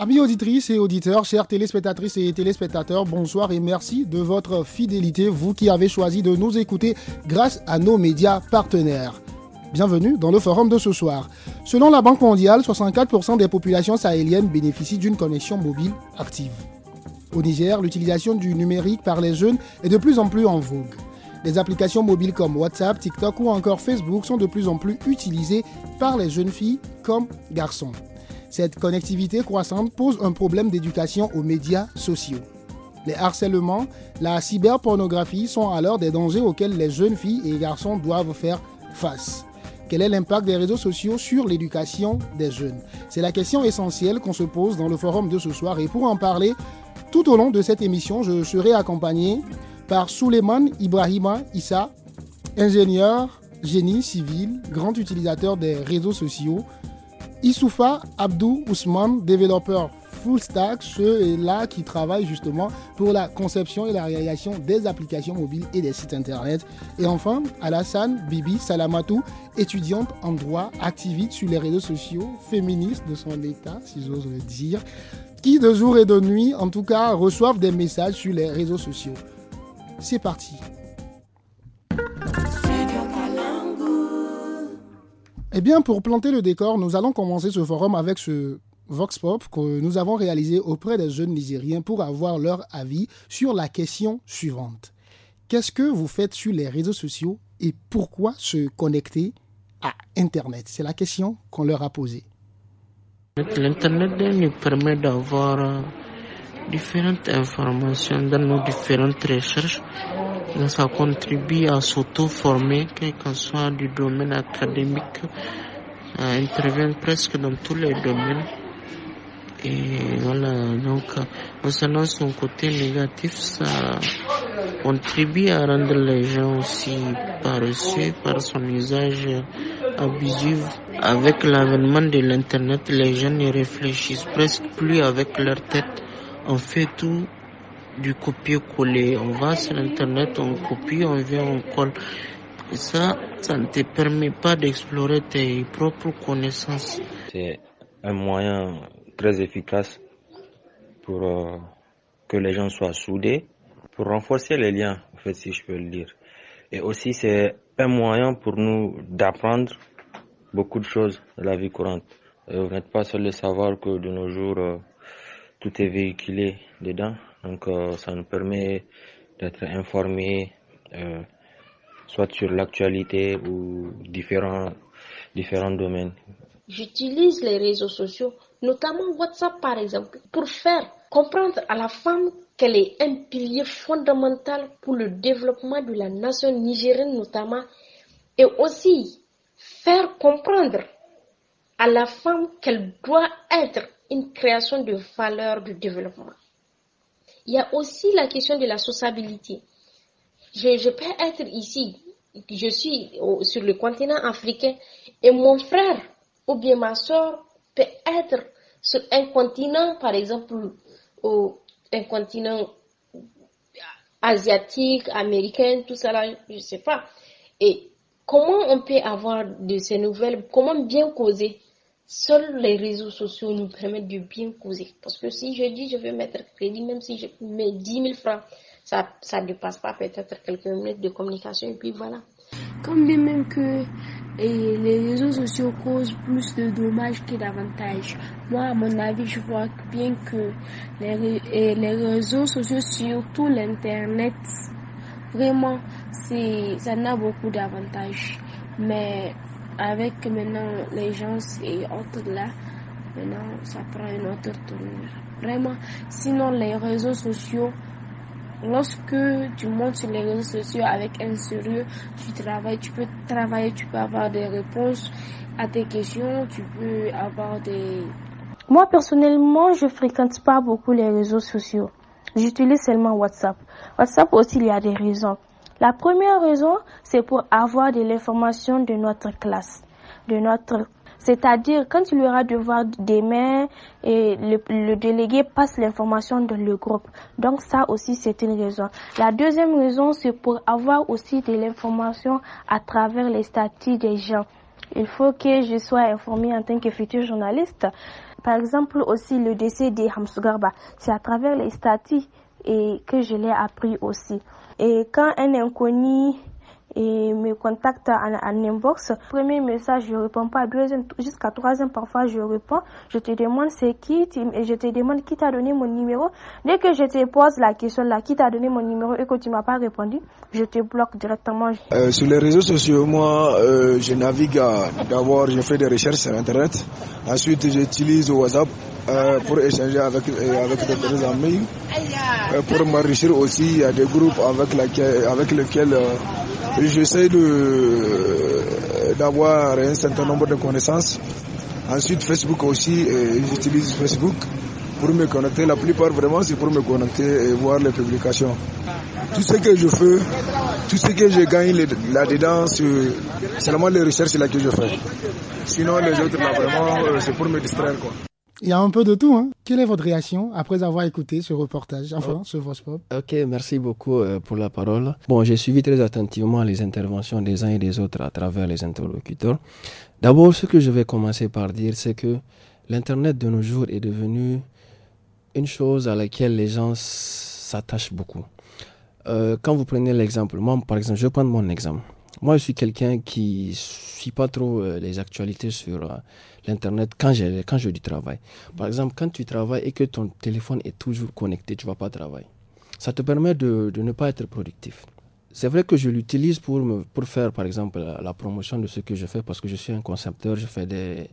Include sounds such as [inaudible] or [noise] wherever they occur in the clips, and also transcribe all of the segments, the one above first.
Amis auditrices et auditeurs, chers téléspectatrices et téléspectateurs, bonsoir et merci de votre fidélité, vous qui avez choisi de nous écouter grâce à nos médias partenaires. Bienvenue dans le forum de ce soir. Selon la Banque mondiale, 64% des populations sahéliennes bénéficient d'une connexion mobile active. Au Niger, l'utilisation du numérique par les jeunes est de plus en plus en vogue. Les applications mobiles comme WhatsApp, TikTok ou encore Facebook sont de plus en plus utilisées par les jeunes filles comme garçons. Cette connectivité croissante pose un problème d'éducation aux médias sociaux. Les harcèlements, la cyberpornographie sont alors des dangers auxquels les jeunes filles et garçons doivent faire face. Quel est l'impact des réseaux sociaux sur l'éducation des jeunes C'est la question essentielle qu'on se pose dans le forum de ce soir et pour en parler, tout au long de cette émission, je serai accompagné par Souleiman Ibrahima Issa, ingénieur, génie civil, grand utilisateur des réseaux sociaux, Issoufa Abdou Ousmane, développeur full stack, ceux-là qui travaillent justement pour la conception et la réalisation des applications mobiles et des sites internet. Et enfin, Alassane Bibi Salamatou, étudiante en droit, activiste sur les réseaux sociaux, féministe de son état, si j'ose le dire, qui de jour et de nuit, en tout cas, reçoivent des messages sur les réseaux sociaux. C'est parti, Eh bien, pour planter le décor, nous allons commencer ce forum avec ce Vox Pop que nous avons réalisé auprès des jeunes Nigériens pour avoir leur avis sur la question suivante. Qu'est-ce que vous faites sur les réseaux sociaux et pourquoi se connecter à Internet C'est la question qu'on leur a posée. L'Internet nous permet d'avoir euh, différentes informations dans nos différentes recherches ça contribue à s'auto-former, quel que soit du domaine académique, à intervient presque dans tous les domaines. Et voilà, donc, concernant son côté négatif, ça contribue à rendre les gens aussi paresseux par son usage abusif. Avec l'avènement de l'Internet, les gens ne réfléchissent presque plus avec leur tête. On fait tout du copier-coller. On va sur Internet, on copie, on vient, on colle. Et ça, ça ne te permet pas d'explorer tes propres connaissances. C'est un moyen très efficace pour euh, que les gens soient soudés, pour renforcer les liens, en fait, si je peux le dire. Et aussi, c'est un moyen pour nous d'apprendre beaucoup de choses de la vie courante. vous n'êtes pas seul de savoir que de nos jours, euh, tout est véhiculé dedans. Donc euh, ça nous permet d'être informés euh, soit sur l'actualité ou différents, différents domaines. J'utilise les réseaux sociaux, notamment WhatsApp par exemple, pour faire comprendre à la femme qu'elle est un pilier fondamental pour le développement de la nation nigérienne notamment, et aussi faire comprendre à la femme qu'elle doit être une création de valeur du développement il y a aussi la question de la sociabilité. Je, peux être ici, je suis sur le continent africain, et mon frère ou bien ma soeur peut être sur un continent, par exemple, un continent asiatique, américain, tout ça là, je ne sais pas. Et comment on peut avoir de ces nouvelles, comment bien causer Seuls les réseaux sociaux nous permettent de bien causer. Parce que si je dis je vais mettre crédit, même si je mets 10 000 francs, ça, ça dépasse pas peut-être quelques minutes de communication et puis voilà. Comme bien même que eh, les réseaux sociaux causent plus de dommages que d'avantages. Moi, à mon avis, je vois bien que les, eh, les réseaux sociaux, surtout l'Internet, vraiment, ça n'a beaucoup d'avantages. Mais avec maintenant les gens et autres là, maintenant ça prend une autre tournure. Vraiment, sinon les réseaux sociaux, lorsque tu montes sur les réseaux sociaux avec un sérieux, tu travailles, tu peux travailler, tu peux avoir des réponses à tes questions, tu peux avoir des... Moi personnellement, je fréquente pas beaucoup les réseaux sociaux. J'utilise seulement WhatsApp. WhatsApp aussi, il y a des raisons. La première raison, c'est pour avoir de l'information de notre classe, de notre c'est-à-dire, quand il y aura devoir des mains, et le, délégué passe l'information dans le groupe. Donc ça aussi, c'est une raison. La deuxième raison, c'est pour avoir aussi de l'information à travers les statuts des gens. Il faut que je sois informé en tant que futur journaliste. Par exemple, aussi le décès de Garba, C'est à travers les statuts et que je l'ai appris aussi. Et quand un inconnu me contacte en, inbox. Premier message, je réponds pas. Deuxième, jusqu'à troisième, parfois, je réponds. Je te demande c'est qui, et je te demande qui t'a donné mon numéro. Dès que je te pose la question là, qui t'a donné mon numéro et que tu m'as pas répondu, je te bloque directement. Euh, sur les réseaux sociaux, moi, euh, je navigue d'abord, je fais des recherches sur Internet. Ensuite, j'utilise WhatsApp. Euh, pour échanger avec, euh, avec des amis, euh, pour m'enrichir aussi. Il y a des groupes avec, avec lesquels j'essaie d'avoir un certain nombre de connaissances. Ensuite, Facebook aussi, j'utilise Facebook pour me connecter. La plupart vraiment, c'est pour me connecter et voir les publications. Tout ce que je fais, tout ce que je gagne là-dedans, c'est seulement les recherches là que je fais. Sinon, les autres, là, vraiment, c'est pour me distraire. Quoi. Il y a un peu de tout. Hein. Quelle est votre réaction après avoir écouté ce reportage, enfin, oh. ce Vox Pop Ok, merci beaucoup euh, pour la parole. Bon, j'ai suivi très attentivement les interventions des uns et des autres à travers les interlocuteurs. D'abord, ce que je vais commencer par dire, c'est que l'Internet de nos jours est devenu une chose à laquelle les gens s'attachent beaucoup. Euh, quand vous prenez l'exemple, moi, par exemple, je vais prendre mon exemple. Moi, je suis quelqu'un qui ne suit pas trop euh, les actualités sur... Internet quand, quand je travail. Par exemple, quand tu travailles et que ton téléphone est toujours connecté, tu vas pas travailler. Ça te permet de, de ne pas être productif. C'est vrai que je l'utilise pour, me, pour faire, par exemple, la, promotion de ce que je fais parce que je suis un concepteur, je fais, des,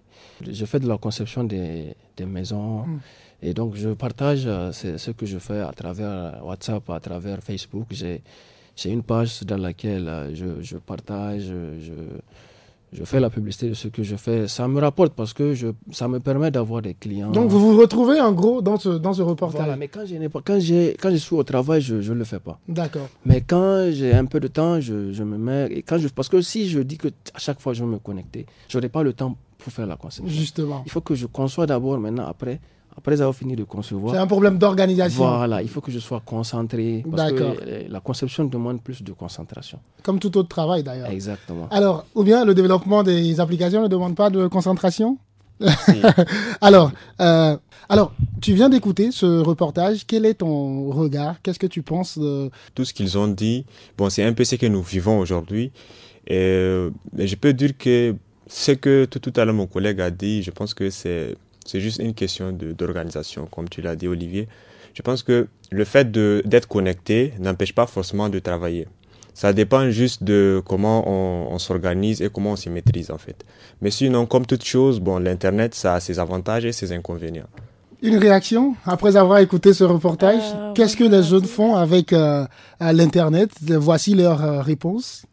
je fais de la conception des, des maisons. Mm. Et donc, je partage euh, ce que je fais à travers WhatsApp, à travers Facebook. J'ai une page dans laquelle euh, je, je partage, je, je fais la publicité de ce que je fais. Ça me rapporte parce que je, ça me permet d'avoir des clients. Donc vous vous retrouvez en gros dans ce, dans ce reportage. Voilà, mais quand, je pas, quand, quand je suis au travail, je ne le fais pas. D'accord. Mais quand j'ai un peu de temps, je, me mets. Et quand je, parce que si je dis que à chaque fois je vais me connecter, je n'aurai pas le temps pour faire la conception. Justement. Il faut que je conçois d'abord, maintenant, après, après avoir fini de concevoir. C'est un problème d'organisation. Voilà, il faut que je sois concentré. Parce que la conception demande plus de concentration. Comme tout autre travail d'ailleurs. Exactement. Alors, ou bien le développement des applications ne demande pas de concentration [laughs] alors, euh, alors, tu viens d'écouter ce reportage. Quel est ton regard Qu'est-ce que tu penses Tout ce qu'ils ont dit, bon, c'est un peu ce que nous vivons aujourd'hui. Euh, mais je peux dire que ce que tout à l'heure mon collègue a dit, je pense que c'est c'est juste une question d'organisation, comme tu l'as dit, Olivier. Je pense que le fait d'être connecté n'empêche pas forcément de travailler. Ça dépend juste de comment on, s'organise et comment on s'y maîtrise, en fait. Mais sinon, comme toute chose, bon, l'Internet, ça a ses avantages et ses inconvénients. Une réaction après avoir écouté ce reportage euh, Qu'est-ce que les jeunes font avec euh, l'Internet Voici leurs réponses. Euh, réponse.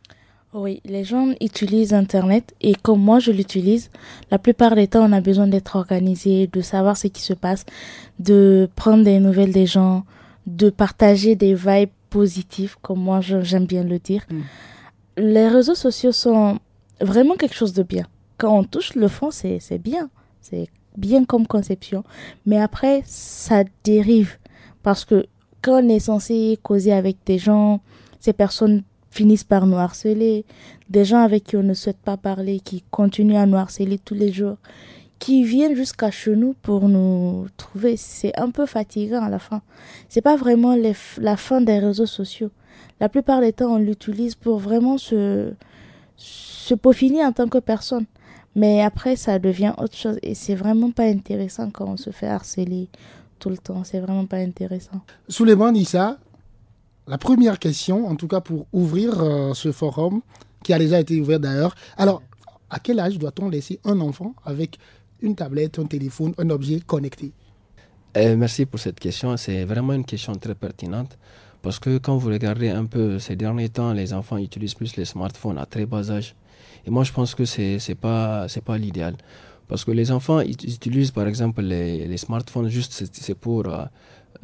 Oui, les gens utilisent Internet et comme moi je l'utilise, la plupart des temps on a besoin d'être organisé, de savoir ce qui se passe, de prendre des nouvelles des gens, de partager des vibes positives, comme moi j'aime bien le dire. Mm. Les réseaux sociaux sont vraiment quelque chose de bien. Quand on touche le fond, c'est bien. C'est bien comme conception. Mais après, ça dérive. Parce que quand on est censé causer avec des gens, ces personnes finissent par nous harceler, des gens avec qui on ne souhaite pas parler, qui continuent à nous harceler tous les jours, qui viennent jusqu'à chez nous pour nous trouver. C'est un peu fatigant à la fin. C'est pas vraiment la fin des réseaux sociaux. La plupart des temps, on l'utilise pour vraiment se, se peaufiner en tant que personne. Mais après, ça devient autre chose et c'est vraiment pas intéressant quand on se fait harceler tout le temps. C'est vraiment pas intéressant. sous Souleymane Issa, la première question, en tout cas pour ouvrir euh, ce forum, qui a déjà été ouvert d'ailleurs. Alors, à quel âge doit-on laisser un enfant avec une tablette, un téléphone, un objet connecté eh, Merci pour cette question. C'est vraiment une question très pertinente. Parce que quand vous regardez un peu ces derniers temps, les enfants utilisent plus les smartphones à très bas âge. Et moi, je pense que c'est n'est pas, pas l'idéal. Parce que les enfants utilisent par exemple les, smartphones juste c'est pour euh,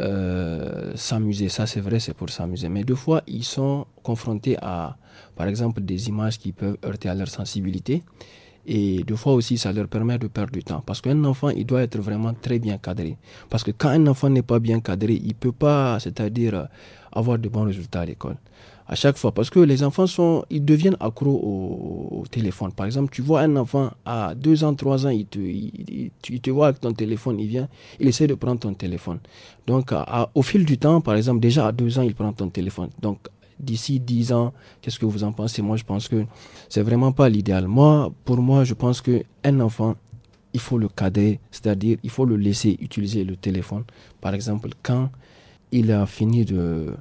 euh, s'amuser. Ça, c'est vrai, c'est pour s'amuser. Mais deux fois, ils sont confrontés à, par exemple, des images qui peuvent heurter à leur sensibilité et deux fois aussi, ça leur permet de perdre du temps. Parce qu'un enfant, il doit être vraiment très bien cadré. Parce que quand un enfant n'est pas bien cadré, il peut pas, c'est-à-dire, euh, avoir de bons résultats à l'école. À chaque fois. Parce que les enfants sont, ils deviennent accro au, téléphone. Par exemple, tu vois un enfant à 2 ans, 3 ans, il te, te vois avec ton téléphone, il vient, il essaie de prendre ton téléphone. Donc, au fil du temps, par exemple, déjà à 2 ans, il prend ton téléphone. Donc, d'ici 10 ans. Qu'est-ce que vous en pensez Moi, je pense que c'est vraiment pas l'idéal. Moi, pour moi, je pense que un enfant, il faut le cadrer, c'est-à-dire il faut le laisser utiliser le téléphone. Par exemple, quand il a fini de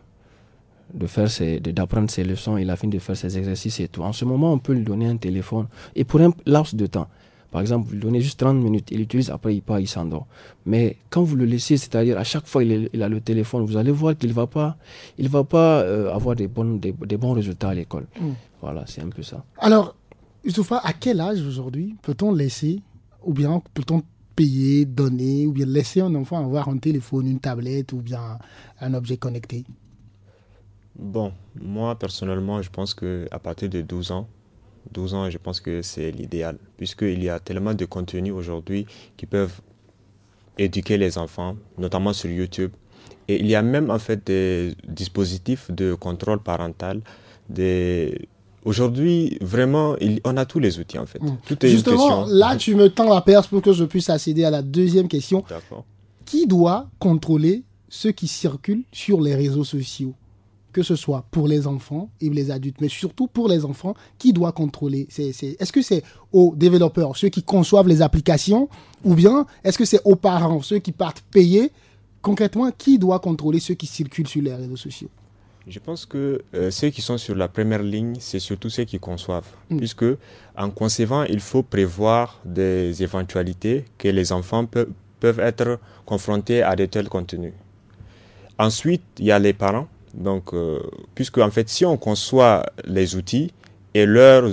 de faire d'apprendre ses leçons, il a fini de faire ses exercices et tout. En ce moment, on peut lui donner un téléphone et pour un laps de temps. Par exemple, vous lui donnez juste 30 minutes, il utilise, après il part, il s'endort. Mais quand vous le laissez, c'est-à-dire à chaque fois il, a le téléphone, vous allez voir qu'il ne va pas, il va pas euh, avoir des, des, bons résultats à l'école. Mm. Voilà, c'est un peu ça. Alors, Youssoufa, à quel âge aujourd'hui peut-on laisser, ou bien peut-on payer, donner, ou bien laisser un enfant avoir un téléphone, une tablette, ou bien un objet connecté Bon, moi personnellement, je pense que à partir de 12 ans, 12 ans, je pense que c'est l'idéal, puisqu'il y a tellement de contenus aujourd'hui qui peuvent éduquer les enfants, notamment sur YouTube. Et il y a même en fait des dispositifs de contrôle parental. Des... Aujourd'hui, vraiment, on a tous les outils en fait. Mm. Justement, là, tu me tends la perche pour que je puisse accéder à la deuxième question. Qui doit contrôler ce qui circule sur les réseaux sociaux que ce soit pour les enfants et les adultes, mais surtout pour les enfants, qui doit contrôler Est-ce que c'est aux développeurs, ceux qui conçoivent les applications, ou bien est-ce que c'est aux parents, ceux qui partent payer Concrètement, qui doit contrôler ceux qui circulent sur les réseaux sociaux je pense que euh, ceux qui sont sur la première ligne, c'est surtout ceux qui conçoivent. Mm. Puisque en concevant, il faut prévoir des éventualités que les enfants peuvent être confrontés à de tels contenus. Ensuite, il y a les parents donc, euh, puisque en fait, si on conçoit les outils et leurs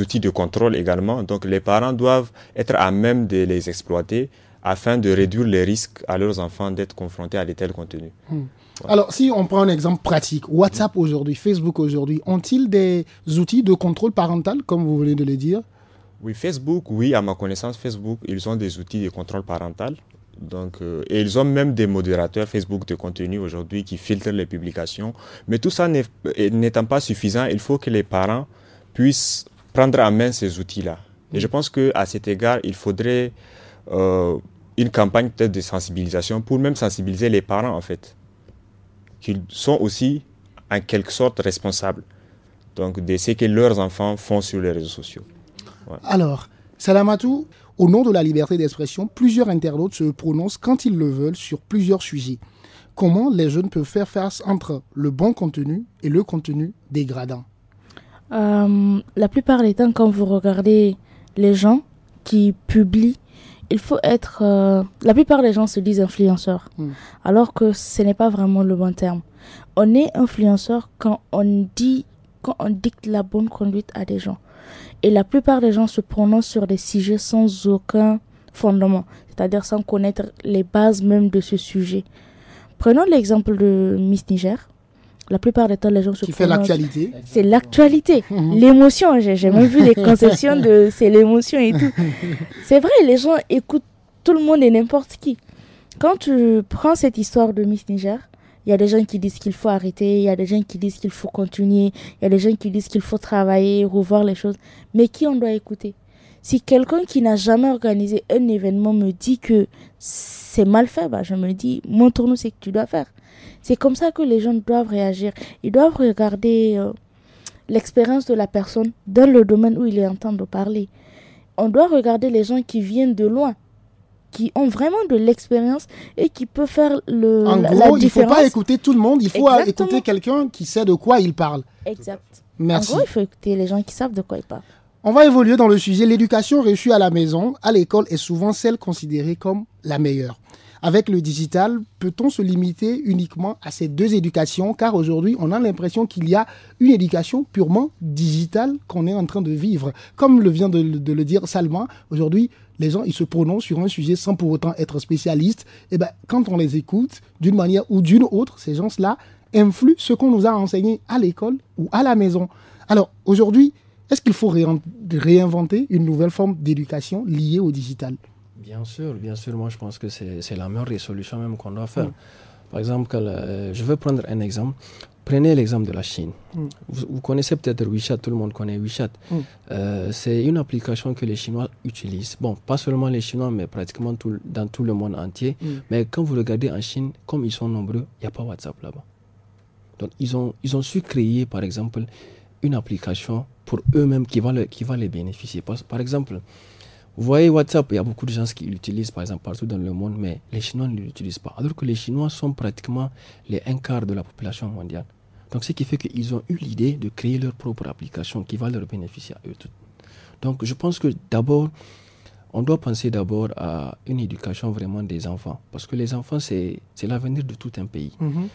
outils de contrôle également, donc les parents doivent être à même de les exploiter afin de réduire les risques à leurs enfants d'être confrontés à de tels contenus. Hmm. Alors, si on prend un exemple pratique, WhatsApp aujourd'hui, Facebook aujourd'hui, ont-ils des outils de contrôle parental, comme vous venez de le dire Oui, Facebook, oui, à ma connaissance, Facebook, ils ont des outils de contrôle parental. Donc, euh, et ils ont même des modérateurs Facebook de contenu aujourd'hui qui filtrent les publications. Mais tout ça euh, n'étant pas suffisant, il faut que les parents puissent prendre en main ces outils-là. Et je mm. pense qu'à cet égard, il faudrait euh, une campagne peut-être de sensibilisation pour même sensibiliser les parents, en fait, qu'ils sont aussi en quelque sorte responsables donc, de ce que leurs enfants font sur les réseaux sociaux. Ouais. Alors, Salamatou, au nom de la liberté d'expression, plusieurs internautes se prononcent quand ils le veulent sur plusieurs sujets. Comment les jeunes peuvent faire face entre le bon contenu et le contenu dégradant euh, La plupart des temps, quand vous regardez les gens qui publient, il faut être... Euh, la plupart des gens se disent influenceurs, hmm. alors que ce n'est pas vraiment le bon terme. On est influenceur quand on dit, quand on dicte la bonne conduite à des gens. Et la plupart des gens se prononcent sur des sujets sans aucun fondement, c'est-à-dire sans connaître les bases même de ce sujet. Prenons l'exemple de Miss Niger. La plupart des temps, les gens se Qui fait l'actualité. C'est l'actualité, mhm. l'émotion. J'ai jamais vu les [laughs] conceptions de c'est l'émotion et tout. [laughs] C'est vrai, les gens écoutent tout le monde et n'importe qui. Quand tu prends cette histoire de Miss Niger, il y a des gens qui disent qu'il faut arrêter, il y a des gens qui disent qu'il faut continuer, il y a des gens qui disent qu'il faut travailler, revoir les choses. Mais qui on doit écouter Si quelqu'un qui n'a jamais organisé un événement me dit que c'est mal fait, bah, je me dis, montre-nous ce que tu dois faire. C'est comme ça que les gens doivent réagir. Ils doivent regarder euh, l'expérience de la personne dans le domaine où il est en train de parler. On doit regarder les gens qui viennent de loin qui ont vraiment de l'expérience et qui peut faire le, en gros, il ne Il faut pas écouter tout le monde, il faut écouter quelqu'un qui sait de quoi il parle. Exact. Merci. En gros, il faut écouter les gens qui savent de quoi ils parlent. On va évoluer dans le sujet. L'éducation reçue à la maison, à l'école, est souvent celle considérée comme la meilleure. Avec le digital, peut-on se limiter uniquement à ces deux éducations Car aujourd'hui, on a l'impression qu'il y a une éducation purement digitale qu'on est en train de vivre. Comme le vient de, de le dire Salma, aujourd'hui, les gens, ils se prononcent sur un sujet sans pour autant être spécialistes. Et eh ben, quand on les écoute, d'une manière ou d'une autre, ces gens-là influent ce qu'on nous a enseigné à l'école ou à la maison. Alors, aujourd'hui, est-ce qu'il faut réinventer une nouvelle forme d'éducation liée au digital Bien sûr, bien sûr. Moi, je pense que c'est la meilleure solution même qu'on doit faire. Par exemple, euh, je veux prendre un exemple. Prenez l'exemple de la Chine. Mm. Vous, connaissez peut-être WeChat, tout le monde connaît WeChat. Mm. Euh, c'est une application que les Chinois utilisent. Bon, pas seulement les Chinois, mais pratiquement tout, dans tout le monde entier. Mm. Mais quand vous regardez en Chine, comme ils sont nombreux, il n'y a pas WhatsApp là-bas. Donc, ils ont, ils ont su créer, par exemple, une application pour eux-mêmes qui, va qui va les bénéficier. par exemple, vous voyez WhatsApp, il y a beaucoup de gens qui l'utilisent par exemple partout dans le monde, mais les Chinois ne l'utilisent pas. Alors que les Chinois sont pratiquement les un quart de la population mondiale. Donc ce qui fait qu'ils ont eu l'idée de créer leur propre application qui va leur bénéficier à eux tous. Donc je pense que d'abord, on doit penser d'abord à une éducation vraiment des enfants. Parce que les enfants, c'est l'avenir de tout un pays. Mm-hmm.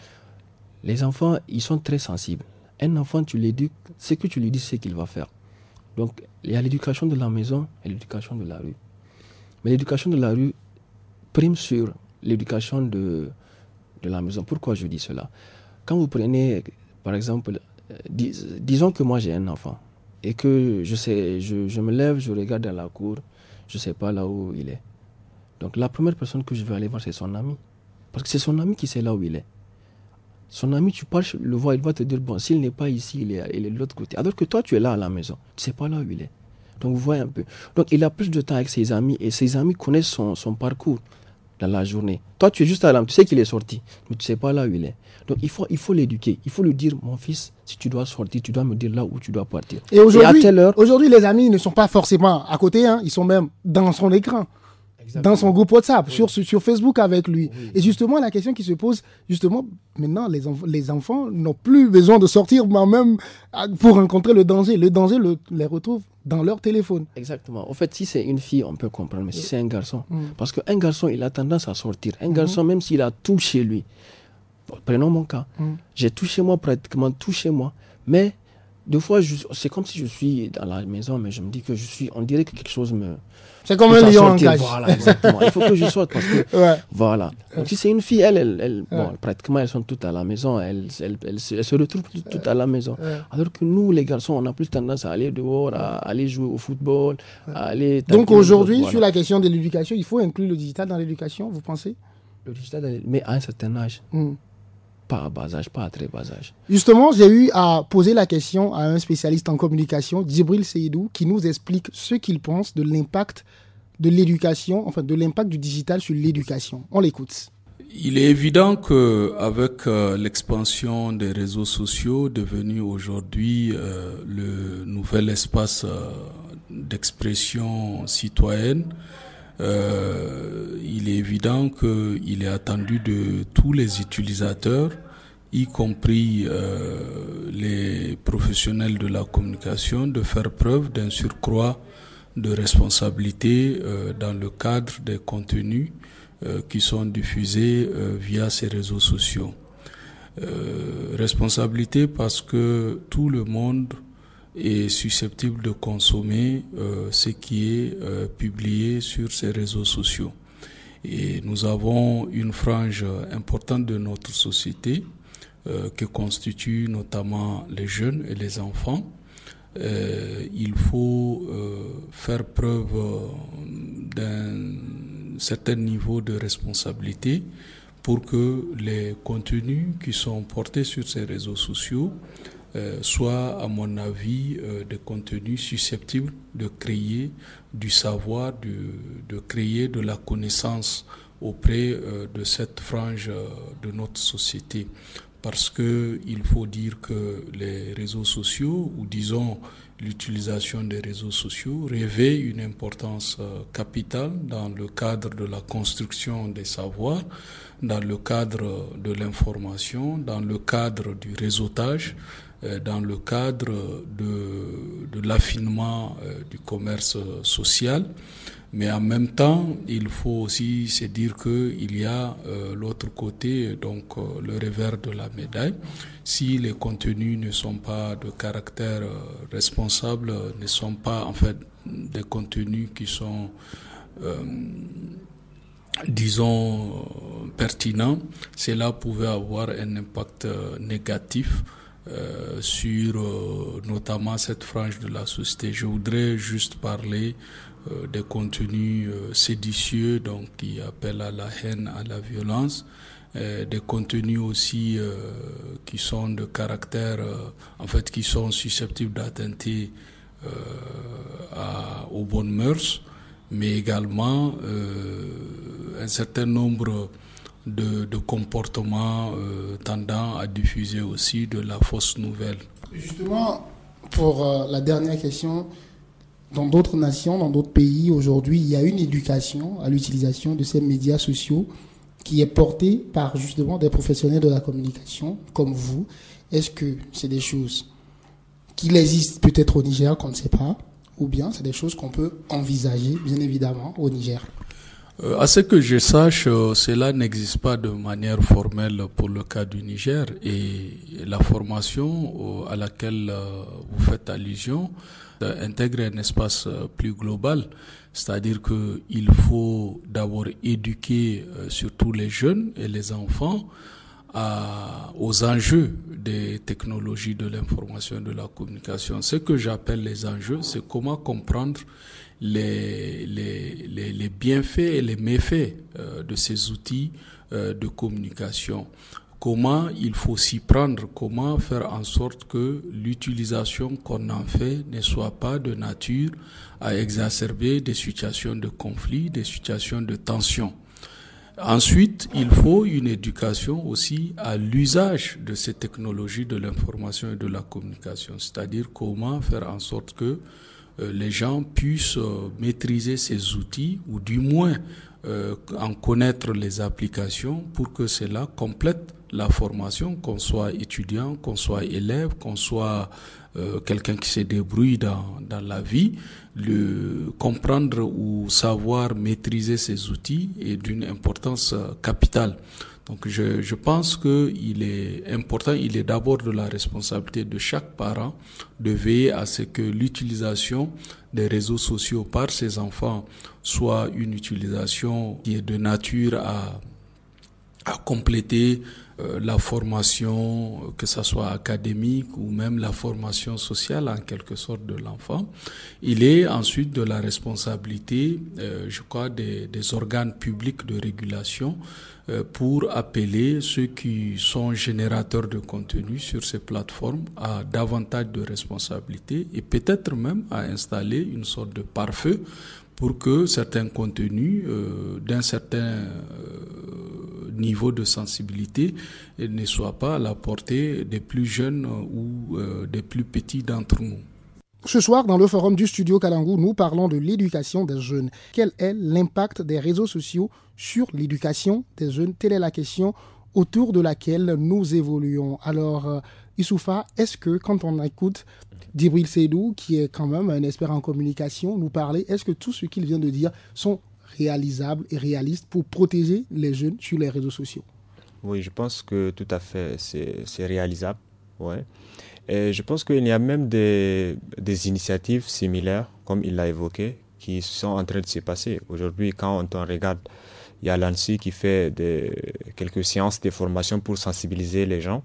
Les enfants, ils sont très sensibles. Un enfant, tu l'éduques, ce que tu lui dis, c'est qu'il va faire. Donc, il y a l'éducation de la maison et l'éducation de la rue. Mais l'éducation de la rue prime sur l'éducation de, de la maison. Pourquoi je dis cela Quand vous prenez, par exemple, euh, disons que moi j'ai un enfant et que je, sais, je, je, me lève, je regarde dans la cour, je ne sais pas là où il est. Donc la première personne que je vais aller voir, c'est son ami. Parce que c'est son ami qui sait là où il est. Son ami, tu parles, le vois, il va te dire, bon, s'il n'est pas ici, il est, de l'autre côté. Alors que toi, tu es là à la maison. Tu sais pas là où il est. Donc, vous voyez un peu. Donc, il a plus de temps avec ses amis et ses amis connaissent son, parcours dans la journée. Toi, tu es juste à l'âme, tu sais qu'il est sorti, mais tu sais pas là où il est. Donc, il faut il faut l'éduquer. Il faut lui dire, mon fils, si tu dois sortir, tu dois me dire là où tu dois partir. Et aujourd'hui, aujourd'hui, les amis ne sont pas forcément à côté, hein. ils sont même dans son écran dans son groupe WhatsApp, sur, sur Facebook avec lui. Et justement, la question qui se pose, justement, maintenant, les, les enfants n'ont plus besoin de sortir même ah, pour rencontrer le danger. Le danger les retrouve dans leur téléphone. Exactement. au fait, si c'est une fille, on peut comprendre, mais si c'est un garçon, mm. parce parce qu'un garçon, il a tendance à sortir. Un mm. garçon, même s'il a tout chez lui, prenons mon cas, mm. j'ai tout chez moi, pratiquement tout chez moi, mais deux fois, c'est comme si je suis dans la maison, mais je me dis que je suis, on dirait que quelque chose me. C'est comme un lion en cage. Voilà, exactement. Il faut que je sorte parce que. [laughs] Voilà. Donc, si c'est une fille, elle, elle, bon, pratiquement, elles sont toutes à la maison. Elles, elles, se retrouvent toutes à la maison. Alors que nous, les garçons, on a plus tendance à aller dehors, à aller jouer au football, à aller. Donc, aujourd'hui, sur la question de l'éducation, il faut inclure le digital dans l'éducation, vous pensez Le digital, mais à un certain âge. Hmm pas à bas âge, pas à très bas âge. Justement, j'ai eu à poser la question à un spécialiste en communication, Djibril Seydou, qui nous explique ce qu'il pense de l'impact de l'éducation, enfin de l'impact du digital sur l'éducation. On l'écoute. Il est évident que avec euh, l'expansion des réseaux sociaux, devenus aujourd'hui euh, le nouvel espace euh, d'expression citoyenne, euh, il est évident qu'il est attendu de tous les utilisateurs, y compris euh, les professionnels de la communication, de faire preuve d'un surcroît de responsabilité euh, dans le cadre des contenus qui sont diffusés via ces réseaux sociaux. responsabilité parce que tout le monde est susceptible de consommer euh, ce qui est euh, publié sur ces réseaux sociaux. Et nous avons une frange importante de notre société euh, que constituent notamment les jeunes et les enfants. il faut faire preuve d'un certain niveau de responsabilité pour que les contenus qui sont portés sur ces réseaux sociaux euh, soit, à mon avis, euh, des contenus susceptibles de créer du savoir, de, créer de la connaissance auprès euh, de cette frange de notre société. Parce qu'il faut dire que les réseaux sociaux, ou disons l'utilisation des réseaux sociaux, revêt une importance capitale dans le cadre de la construction des savoirs, dans le cadre de l'information, dans le cadre du réseautage, euh, dans le cadre de, l'affinement euh, du commerce social. Mais en même temps, il faut aussi se dire qu'il y a euh, l'autre côté, donc le revers de la médaille. Si les contenus ne sont pas de caractère responsable, ne sont pas en fait des contenus qui sont, disons, pertinents, cela pouvait avoir un impact négatif euh, sur euh, notamment cette frange de la société. Je voudrais juste parler euh, des contenus séditieux, donc qui appellent à la haine, à la violence, des contenus aussi qui sont de caractère, en fait, qui sont susceptibles d'atteindre aux bonnes mœurs, mais également un certain nombre de, de comportements euh, tendant à diffuser aussi de la fausse nouvelle. Justement, pour euh, la dernière question, dans d'autres nations, dans d'autres pays, aujourd'hui, il y a une éducation à l'utilisation de ces médias sociaux qui est portée par justement des professionnels de la communication comme vous. Est-ce que c'est des choses qui existent peut-être au Niger qu'on ne sait pas, ou bien c'est des choses qu'on peut envisager, bien évidemment, au Niger euh, à ce que je sache, euh, cela n'existe pas de manière formelle pour le cas du Niger et la formation euh, à laquelle vous faites allusion intègre un espace plus global, c'est-à-dire qu'il faut d'abord éduquer surtout les jeunes et les enfants à, aux enjeux des technologies de l'information et de la communication. Ce que j'appelle les enjeux, c'est comment comprendre les, les, les, bienfaits et les méfaits euh, de ces outils euh, de communication. Comment il faut s'y prendre, comment faire en sorte que l'utilisation qu'on en fait ne soit pas de nature à exacerber des situations de conflit, des situations de tension. Ensuite, il faut une éducation aussi à l'usage de ces technologies de l'information et de la communication, c'est-à-dire comment faire en sorte que euh, les gens puissent euh, maîtriser ces outils ou du moins euh, en connaître les applications pour que cela complète la formation, qu'on soit étudiant, qu'on soit élève, qu'on soit euh, quelqu'un qui se débrouille dans, dans la vie, le comprendre ou savoir maîtriser ces outils est d'une importance euh, capitale. Donc je, je pense qu'il est important, il est d'abord de la responsabilité de chaque parent de veiller à ce que l'utilisation des réseaux sociaux par ses enfants soit une utilisation qui est de nature à, à compléter euh, la formation, euh, que ce soit académique ou même la formation sociale en quelque sorte de l'enfant. Il est ensuite de la responsabilité, euh, je crois, des, organes publics de régulation pour appeler ceux qui sont générateurs de contenu sur ces plateformes à davantage de responsabilités et peut-être même à installer une sorte de pare-feu pour que certains contenus euh, d'un certain euh, niveau de sensibilité euh, ne soient pas à la portée des plus jeunes ou des plus petits d'entre nous. Ce soir, dans le forum du studio Kalangou, nous parlons de l'éducation des jeunes. Quel est l'impact des réseaux sociaux sur l'éducation des jeunes Telle est la question autour de laquelle nous évoluons. Alors, Issoufa, est-ce que quand on écoute Dibril Seydou, qui est quand même un expert en communication, nous parler. Est-ce que tout ce qu'il vient de dire sont réalisables et réalistes pour protéger les jeunes sur les réseaux sociaux Oui, je pense que tout à fait, c'est réalisable. Ouais. je pense qu'il y a même des, des initiatives similaires, comme il l'a évoqué, qui sont en train de se passer. Aujourd'hui, quand on regarde, il y a l'ANSI qui fait des, quelques séances de formation pour sensibiliser les gens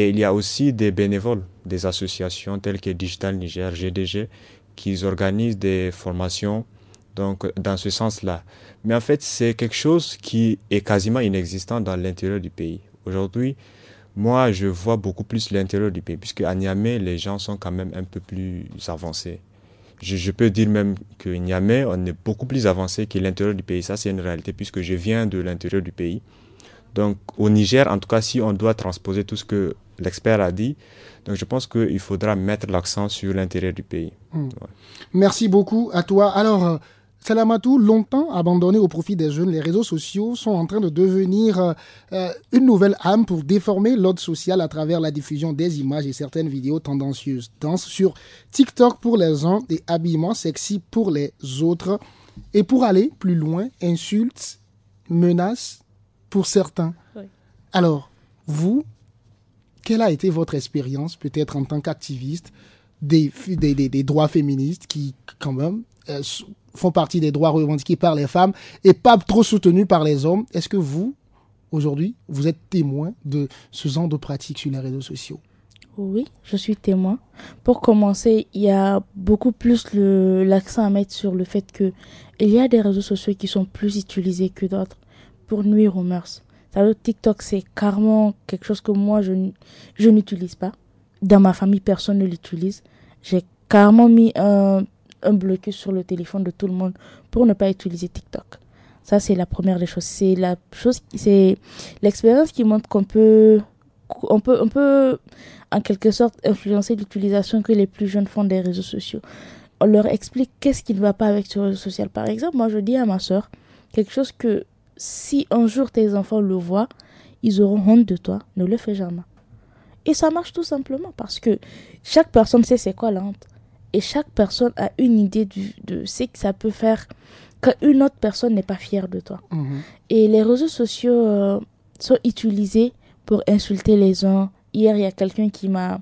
et il y a aussi des bénévoles, des associations telles que Digital Niger, GDG, qui organisent des formations donc, dans ce sens-là. Mais en fait, c'est quelque chose qui est quasiment inexistant dans l'intérieur du pays. Aujourd'hui, moi, je vois beaucoup plus l'intérieur du pays, puisque à Niamey, les gens sont quand même un peu plus avancés. Je, je peux dire même que Niamey, on est beaucoup plus avancé que l'intérieur du pays. Ça, c'est une réalité, puisque je viens de l'intérieur du pays. Donc au Niger, en tout cas, si on doit transposer tout ce que l'expert a dit, donc je pense qu'il faudra mettre l'accent sur l'intérêt du pays. Hmm. Merci beaucoup à toi. Alors, euh, Salamatou, longtemps abandonné au profit des jeunes, les réseaux sociaux sont en train de devenir euh, euh, une nouvelle âme pour déformer l'ordre social à travers la diffusion des images et certaines vidéos tendancieuses. Danse sur TikTok pour les uns des habillements sexy pour les autres. Et pour aller plus loin, insultes, menaces, pour certains. Alors, vous, quelle a été votre expérience, peut-être en tant qu'activiste, des, des, droits féministes qui, quand même, euh, font partie des droits revendiqués par les femmes et pas trop soutenus par les hommes Est-ce que vous, aujourd'hui, vous êtes témoin de ce genre de pratiques sur les réseaux sociaux oui, je suis témoin. Pour commencer, il y a beaucoup plus l'accent à mettre sur le fait que il y a des réseaux sociaux qui sont plus utilisés que d'autres pour nuire aux mœurs. Ça veut TikTok, c'est carrément quelque chose que moi, je, je n'utilise pas. Dans ma famille, personne ne l'utilise. J'ai carrément mis un, un blocus sur le téléphone de tout le monde pour ne pas utiliser TikTok. Ça, c'est la première des choses. C'est la chose, c'est l'expérience qui montre qu'on peut, on peut, on peut, en quelque sorte, influencer l'utilisation que les plus jeunes font des réseaux sociaux. On leur explique qu'est-ce qui ne va pas avec ce réseau social. Par exemple, moi, je dis à ma soeur quelque chose que si un jour tes enfants le voient, ils auront honte de toi. Ne le fais jamais. Et ça marche tout simplement parce que chaque personne sait c'est quoi la honte. Et chaque personne a une idée de ce que ça peut faire quand une autre personne n'est pas fière de toi. Mhm. Et les réseaux sociaux euh, sont utilisés pour insulter les gens. Hier, il y a quelqu'un qui m'a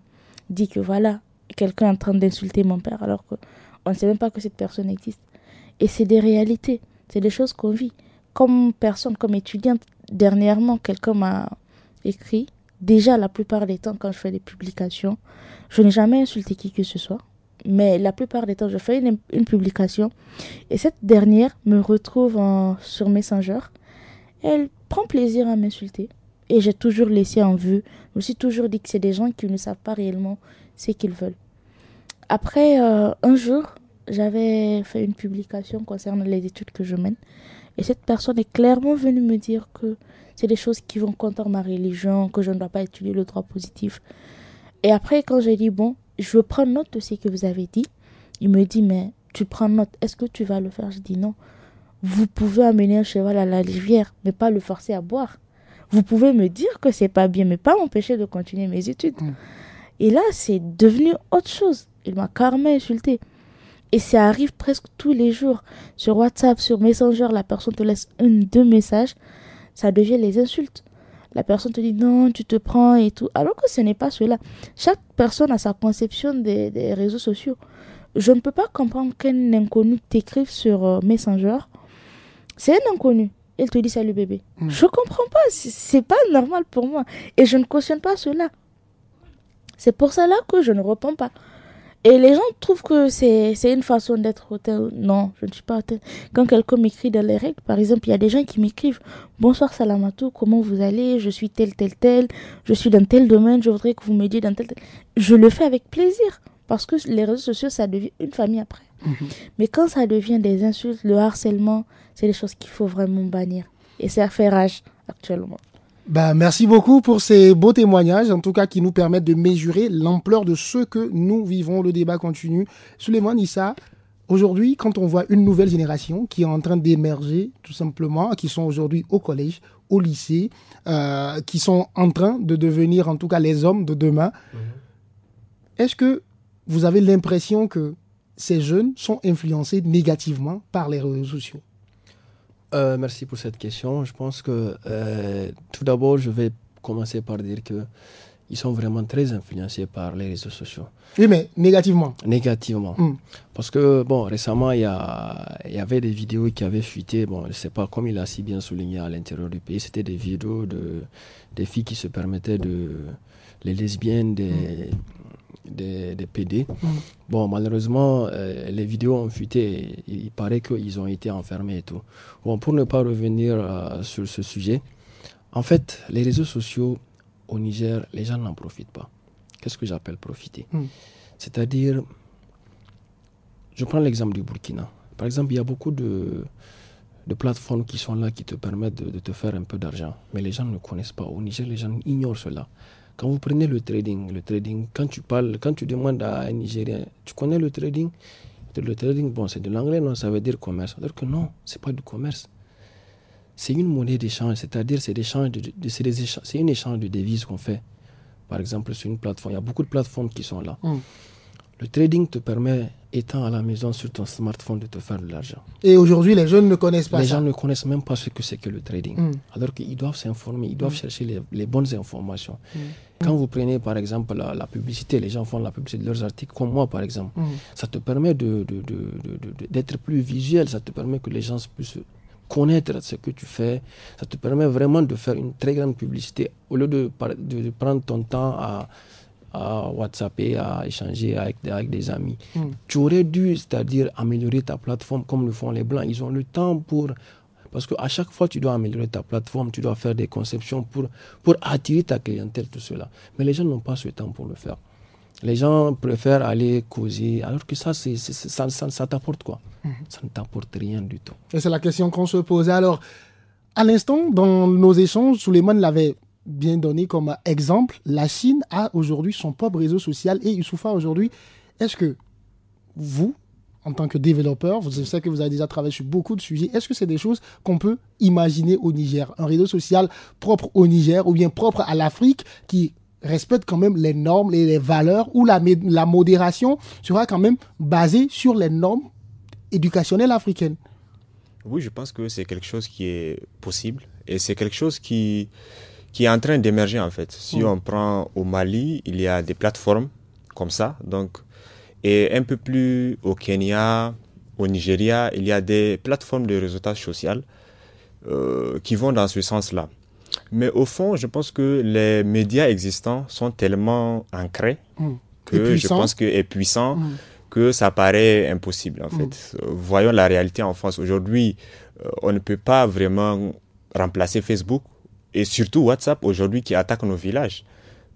dit que voilà, quelqu'un est en train d'insulter mon père alors qu'on ne sait même pas que cette personne existe. Et c'est des réalités, c'est des choses qu'on vit comme personne, comme étudiante, dernièrement, quelqu'un m'a écrit. Déjà, la plupart des temps, quand je fais des publications, je n'ai jamais insulté qui que ce soit. Mais la plupart des temps, je fais une, publication. Et cette dernière me retrouve sur Messenger. Elle prend plaisir à m'insulter. Et j'ai toujours laissé en vue. Je me suis toujours dit que c'est des gens qui ne savent pas réellement ce qu'ils veulent. Après, euh, un jour, j'avais fait une publication concernant les études que je mène. Et cette personne est clairement venue me dire que c'est des choses qui vont contre ma religion, que je ne dois pas étudier le droit positif. Et après, quand j'ai dit, bon, je veux prendre note de ce que vous avez dit, il me dit, mais tu prends note, est-ce que tu vas le faire Je dis non. Vous pouvez amener un cheval à la rivière, mais pas le forcer à boire. Vous pouvez me dire que c'est pas bien, mais pas m'empêcher de continuer mes études. Mm. Et là, c'est devenu autre chose. Il m'a carrément insulté. Et ça arrive presque tous les jours. Sur WhatsApp, sur Messenger, la personne te laisse un, deux messages. Ça devient les insultes. La personne te dit non, tu te prends et tout. Alors que ce n'est pas cela. Chaque personne a sa conception des, réseaux sociaux. Je ne peux pas comprendre qu'un inconnu t'écrive sur euh, Messenger. C'est un inconnu. Il te dit salut bébé. Je hmm. Je comprends pas. C'est pas normal pour moi. Et je ne cautionne pas cela. C'est pour cela que je ne réponds pas. Et les gens trouvent que c'est une façon d'être hôtel. Non, je ne suis pas hôtel. Quand quelqu'un m'écrit dans les règles, par exemple, il y a des gens qui m'écrivent Bonsoir Salamatou, comment vous allez Je suis tel, tel, tel. Je suis dans tel domaine, je voudrais que vous m'aidiez dans tel, tel. Je le fais avec plaisir. Parce que les réseaux sociaux, ça devient une famille après. Mhm. Mais quand ça devient des insultes, le harcèlement, c'est des choses qu'il faut vraiment bannir. Et ça fait rage actuellement. Ben, merci beaucoup pour ces beaux témoignages, en tout cas qui nous permettent de mesurer l'ampleur de ce que nous vivons. Le débat continue. Suleiman Issa, aujourd'hui, quand on voit une nouvelle génération qui est en train d'émerger, tout simplement, qui sont aujourd'hui au collège, au lycée, euh, qui sont en train de devenir, en tout cas, les hommes de demain, mhm. est-ce que vous avez l'impression que ces jeunes sont influencés négativement par les réseaux sociaux euh, merci pour cette question. Je pense que euh, tout d'abord, je vais commencer par dire que ils sont vraiment très influencés par les réseaux sociaux. Oui, mais négativement. Négativement. Hmm. Parce que, bon, récemment, il y, avait des vidéos qui avaient fuité. Bon, je ne sais pas, comme il a si bien souligné à l'intérieur du pays, c'était des vidéos de des filles qui se permettaient de. les lesbiennes, des, hmm des, PD. Mm. Bon, malheureusement, euh, les vidéos ont fuité. Il, paraît qu'ils ont été enfermés et tout. Bon, pour ne pas revenir euh, sur ce sujet, en fait, les réseaux sociaux au Niger, les gens n'en profitent pas. Qu'est-ce que j'appelle profiter mm. C'est-à-dire, je prends l'exemple du Burkina. Par exemple, il y a beaucoup de, plateformes qui sont là qui te permettent de, de te faire un peu d'argent. Mais les gens ne connaissent pas. Au Niger, les gens ignorent cela. Quand vous prenez le trading, le trading, quand tu parles, quand tu demandes à un Nigérien, tu connais le trading Le trading, bon, c'est de l'anglais, non, ça veut dire commerce. Alors que non, c'est pas du commerce. C'est une monnaie d'échange, c'est-à-dire c'est c'est un échange de devises qu'on fait. Par exemple, sur une plateforme, il y a beaucoup de plateformes qui sont là. Mmh. Le trading te permet, étant à la maison sur ton smartphone, de te faire de l'argent. Et aujourd'hui, les jeunes ne connaissent pas les Les gens ne connaissent même pas ce que c'est que le trading. Hmm. Alors qu'ils doivent s'informer, ils doivent hmm. chercher les, bonnes informations. Hmm. Quand vous prenez, par exemple, la, publicité, les gens font la publicité de leurs articles, comme moi, par exemple. Ça te permet d'être de, plus visuel, ça te permet que les gens puissent connaître ce que tu fais, ça te permet vraiment de faire une très grande publicité au lieu de prendre ton temps à à WhatsApper, à échanger avec, des amis. Mm. Tu aurais dû, c'est-à-dire améliorer ta plateforme comme le font les Blancs. Ils ont le temps pour... Parce qu'à chaque fois, tu dois améliorer ta plateforme, tu dois faire des conceptions pour, pour attirer ta clientèle, tout cela. Mais les gens n'ont pas ce temps pour le faire. Les gens préfèrent aller causer, alors que ça, ça, ça, t'apporte quoi mm-hmm. Ça ne t'apporte rien du tout. Et c'est la question qu'on se pose. Alors, à l'instant, dans nos échanges, Souleymane l'avait bien donné comme exemple, la Chine a aujourd'hui son propre réseau social et Youssoufa aujourd'hui, est-ce que vous, en tant que développeur, vous savez que vous avez déjà travaillé sur beaucoup de sujets, est-ce que c'est des choses qu'on peut imaginer au Niger Un réseau social propre au Niger ou bien propre à l'Afrique qui respecte quand même les normes et les valeurs ou la, la modération sera quand même basée sur les normes éducationnelles africaines Oui, je pense que c'est quelque chose qui est possible et c'est quelque chose qui qui est en train d'émerger en fait. Si mm. on prend au Mali, il y a des plateformes comme ça, donc et un peu plus au Kenya, au Nigeria, il y a des plateformes de réseautage social euh, qui vont dans ce sens-là. Mais au fond, je pense que les médias existants sont tellement ancrés mm. que je pense que est puissant. Mm. Que ça paraît impossible en fait. Voyons la réalité en France. Aujourd'hui, euh, on ne peut pas vraiment remplacer Facebook et surtout WhatsApp aujourd'hui qui attaque nos villages.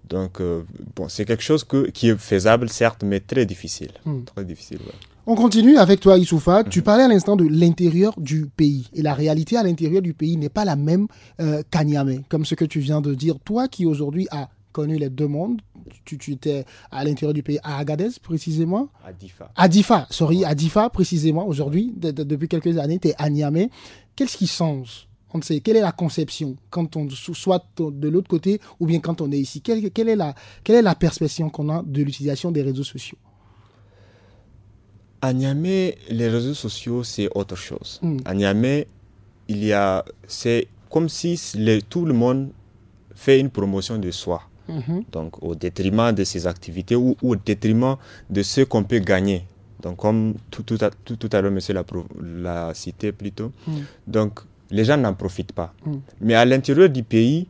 Donc, euh, bon, c'est quelque chose que, qui est faisable, certes, mais très difficile. Hmm. Très difficile, On continue avec toi, Issoufa. Hmm. Tu parlais à l'instant de l'intérieur du pays. Et la réalité à l'intérieur du pays n'est pas la même euh, comme ce que tu viens de dire. Toi qui aujourd'hui as connu les deux mondes, tu, étais à l'intérieur du pays, à Agadez précisément À Difa. À Difa, sorry, à précisément aujourd'hui, depuis quelques années, tu es à Niamey. Qu'est-ce qui change on sait quelle est la conception quand on soit de l'autre côté ou bien quand on est ici quelle, est la quelle est la perception qu'on a de l'utilisation des réseaux sociaux à Niamey les réseaux sociaux c'est autre chose hmm. à Niamey il y a c'est comme si tout le monde fait une promotion de soi mm-hmm. donc au détriment de ses activités ou, au détriment de ce qu'on peut gagner donc comme tout, à, tout, à l'heure monsieur l'a cité plutôt hmm. donc les gens n'en profitent pas. Mm. Mais à l'intérieur du pays,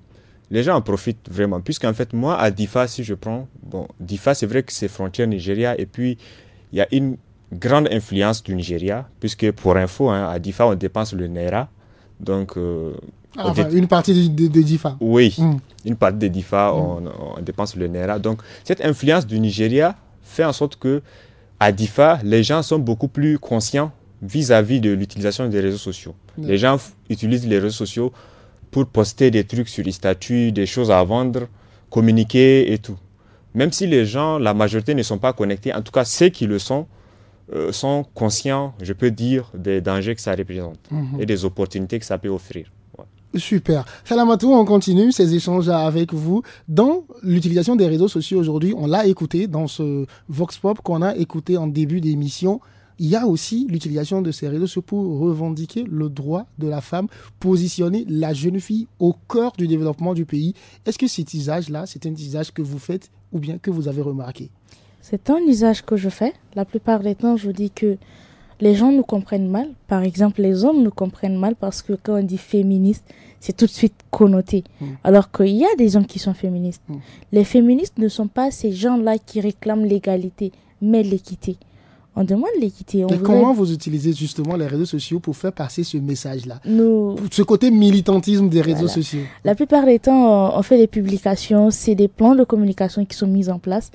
les gens en profitent vraiment. Puisqu'en fait, moi, à Difa, si je prends, bon, Difa, c'est vrai que c'est frontière Nigeria, et puis il y a une grande influence du Nigeria, puisque pour info, hein, à Difa, on dépense le Naira. Donc. une partie de, DIFA. Oui, une partie de DIFA, on, dépense le Naira. Donc, cette influence du Nigeria fait en sorte que, à DIFA, les gens sont beaucoup plus conscients vis-à-vis de l'utilisation des réseaux sociaux. Les gens utilisent les réseaux sociaux pour poster des trucs sur les statuts, des choses à vendre, communiquer et tout. Même si les gens, la majorité ne sont pas connectés, en tout cas ceux qui le sont, euh, sont conscients, je peux dire, des dangers que ça représente mhm. et des opportunités que ça peut offrir. Super. Salamatou, on continue ces échanges avec vous dans l'utilisation des réseaux sociaux aujourd'hui. On l'a écouté dans ce Vox Pop qu'on a écouté en début d'émission il y a aussi l'utilisation de ces réseaux sociaux pour revendiquer le droit de la femme, positionner la jeune fille au cœur du développement du pays. Est-ce que cet usage-là, c'est un usage que vous faites ou bien que vous avez remarqué C'est un usage que je fais. La plupart des temps, je dis que les gens nous comprennent mal. Par exemple, les hommes nous comprennent mal parce que quand on dit féministe, c'est tout de suite connoté. Hmm. Alors qu'il y a des hommes qui sont féministes. Hmm. Les féministes ne sont pas ces gens-là qui réclament l'égalité, mais l'équité on demande l'équité. Et comment vous utilisez justement les réseaux sociaux pour faire passer ce message-là Ce côté militantisme des réseaux sociaux La plupart des temps, on fait des publications, c'est des plans de communication qui sont mis en place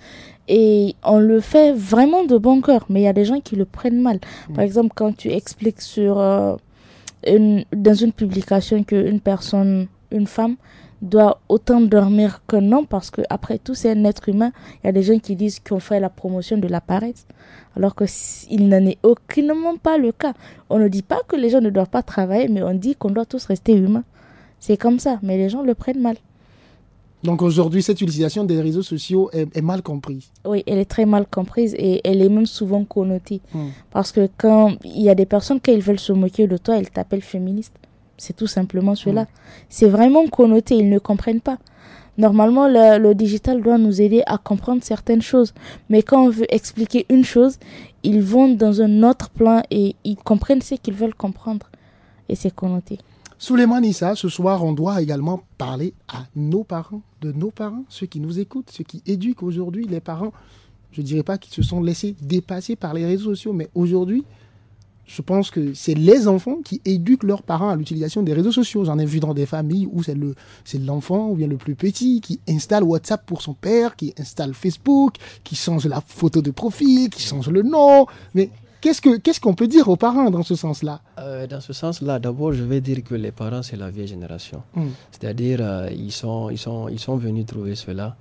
et on le fait vraiment de bon cœur, mais il y a des gens qui le prennent mal. Mm. Par exemple, quand tu expliques sur, euh, dans une publication qu'une personne, une femme, doit autant dormir que non parce que après tout c'est un être humain. Il y a des gens qui disent qu'on fait la promotion de la paresse alors que il n'en est aucunement pas le cas. On ne dit pas que les gens ne doivent pas travailler mais on dit qu'on doit tous rester humains. C'est comme ça mais les gens le prennent mal. Donc aujourd'hui, cette utilisation des réseaux sociaux est, mal comprise. Oui, elle est très mal comprise et elle est même souvent connotée. Hmm. Parce que quand il y a des personnes qui veulent se moquer de toi, elles t'appellent féministe. C'est tout simplement cela. Mm. C'est vraiment connoté, ils ne comprennent pas. Normalement, le, digital doit nous aider à comprendre certaines choses. Mais quand on veut expliquer une chose, ils vont dans un autre plan et ils comprennent ce qu'ils veulent comprendre. Et c'est connoté. Souleymane Issa, ce soir, on doit également parler à nos parents, de nos parents, ceux qui nous écoutent, ceux qui éduquent aujourd'hui les parents. Je ne dirais pas qu'ils se sont laissés dépasser par les réseaux sociaux, mais aujourd'hui, je pense que c'est les enfants qui éduquent leurs parents à l'utilisation des réseaux sociaux. J'en ai vu dans des familles où c'est le c'est l'enfant ou bien le plus petit qui installe WhatsApp pour son père, qui installe Facebook, qui change la photo de profil, qui change le nom. Mais Qu'est-ce qu'on peut dire aux parents dans ce sens-là euh, Dans ce sens-là, d'abord, je vais dire que les parents, c'est la vieille génération. Hmm. C'est-à-dire, euh, ils, sont, ils, sont, ils sont venus trouver cela.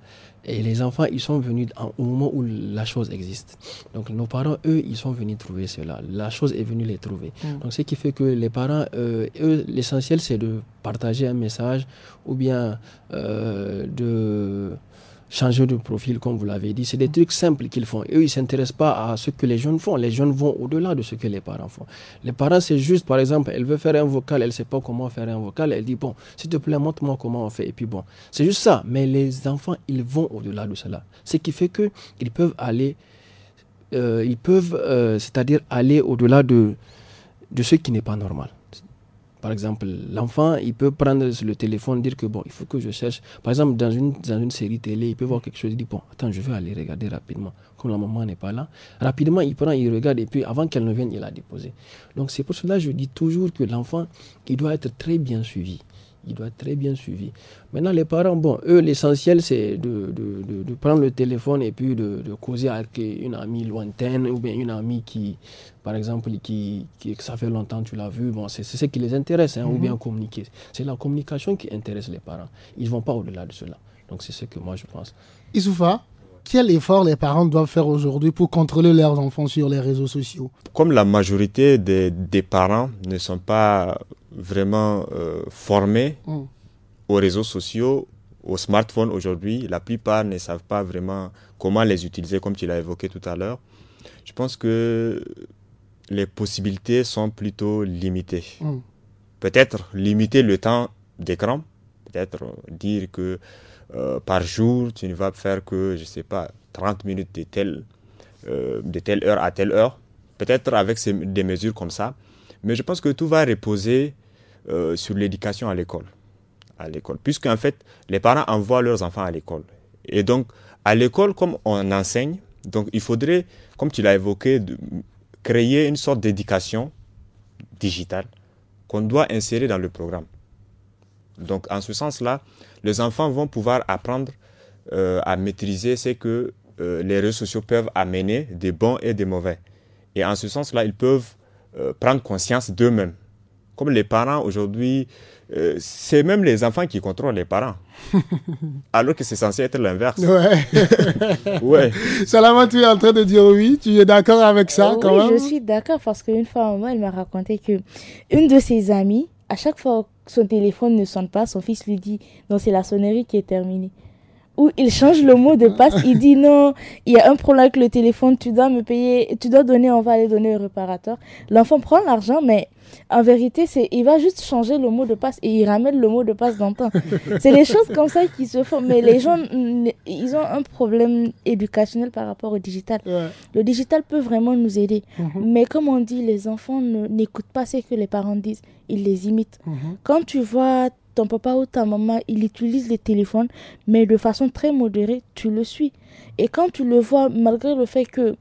Et les enfants, ils sont venus en, au moment où la chose existe. Donc nos parents, eux, ils sont venus trouver cela. La chose est venue les trouver. Hmm. Donc ce qui fait que les parents, euh, eux, l'essentiel, c'est de partager un message ou bien de changer de profil, comme vous l'avez dit. C'est des trucs simples qu'ils font. Eux, ils ne s'intéressent pas à ce que les jeunes font. Les jeunes vont au-delà de ce que les parents font. Les parents, c'est juste, par exemple, elle veut faire un vocal, elle ne sait pas comment faire un vocal, elle dit, bon, s'il te plaît, montre-moi comment on fait. Et puis bon, c'est juste ça. Mais les enfants, ils vont au-delà de cela. Ce qui fait qu'ils peuvent aller, euh, ils peuvent, euh, c'est-à-dire aller au-delà de, de ce qui n'est pas normal. Par exemple, l'enfant, il peut prendre le téléphone, dire que bon, il faut que je cherche. Par exemple, dans une, dans une série télé, il peut voir quelque chose, il dit bon, attends, je vais aller regarder rapidement. Comme la maman n'est pas là, rapidement, il prend, il regarde et puis avant qu'elle ne vienne, il l'a déposé. Donc, c'est pour cela que je dis toujours que l'enfant, il doit être très bien suivi il doit être très bien suivi. Maintenant, les parents, bon, eux, l'essentiel, c'est de, de, prendre le téléphone et puis de, causer avec une amie lointaine ou bien une amie qui, par exemple, qui, qui ça fait longtemps tu l'as vu, bon, c'est ce qui les intéresse, hein, ou mhm. bien communiquer. C'est la communication qui intéresse les parents. Ils ne vont pas au-delà de cela. Donc c'est ce que moi je pense. Isoufa, quel effort les parents doivent faire aujourd'hui pour contrôler leurs enfants sur les réseaux sociaux Comme la majorité des, parents ne sont pas vraiment euh, formés mm. aux réseaux sociaux, aux smartphones aujourd'hui, la plupart ne savent pas vraiment comment les utiliser, comme tu l'as évoqué tout à l'heure. Je pense que les possibilités sont plutôt limitées. Mm. Peut-être limiter le temps d'écran, peut-être dire que euh, par jour, tu ne vas faire que, je sais pas, 30 minutes de telle, euh, de telle heure à telle heure, peut-être avec des mesures comme ça. Mais je pense que tout va reposer euh, sur l'éducation à l'école. À l'école. Puisqu'en fait, les parents envoient leurs enfants à l'école. Et donc, à l'école, comme on enseigne, donc il faudrait, comme tu l'as évoqué, créer une sorte d'éducation digitale qu'on doit insérer dans le programme. Donc, en ce sens-là, les enfants vont pouvoir apprendre euh, à maîtriser ce que euh, les réseaux sociaux peuvent amener, des bons et des mauvais. Et en ce sens-là, ils peuvent euh, prendre conscience d'eux-mêmes. Comme les parents aujourd'hui, c'est même les enfants qui contrôlent les parents. Alors que c'est censé être l'inverse. Ouais. [laughs] ouais. tu es en train de dire oui, tu es d'accord avec ça quand oui, Je suis d'accord parce qu'une fois, maman, elle m'a raconté que une de ses amies, à chaque fois que son téléphone ne sonne pas, son fils lui dit Non, c'est la sonnerie qui est terminée. Ou il change le mot de passe, il dit non, il y a un problème avec le téléphone, tu dois me payer, tu dois donner, on va aller donner au réparateur. L'enfant prend l'argent, mais en vérité, c'est il va juste changer le mot de passe et il ramène le mot de passe d'antan. c'est des choses comme ça qui se font. Mais les gens, ils ont un problème éducationnel par rapport au digital. Le digital peut vraiment nous aider. Mm-hmm. Mais comme on dit, les enfants n'écoutent pas ce que les parents disent. Ils les imitent. Mm-hmm. Quand tu vois ton papa ou ta maman, il utilisent les téléphones, mais de façon très modérée, tu le suis. Et quand tu le vois, malgré le fait que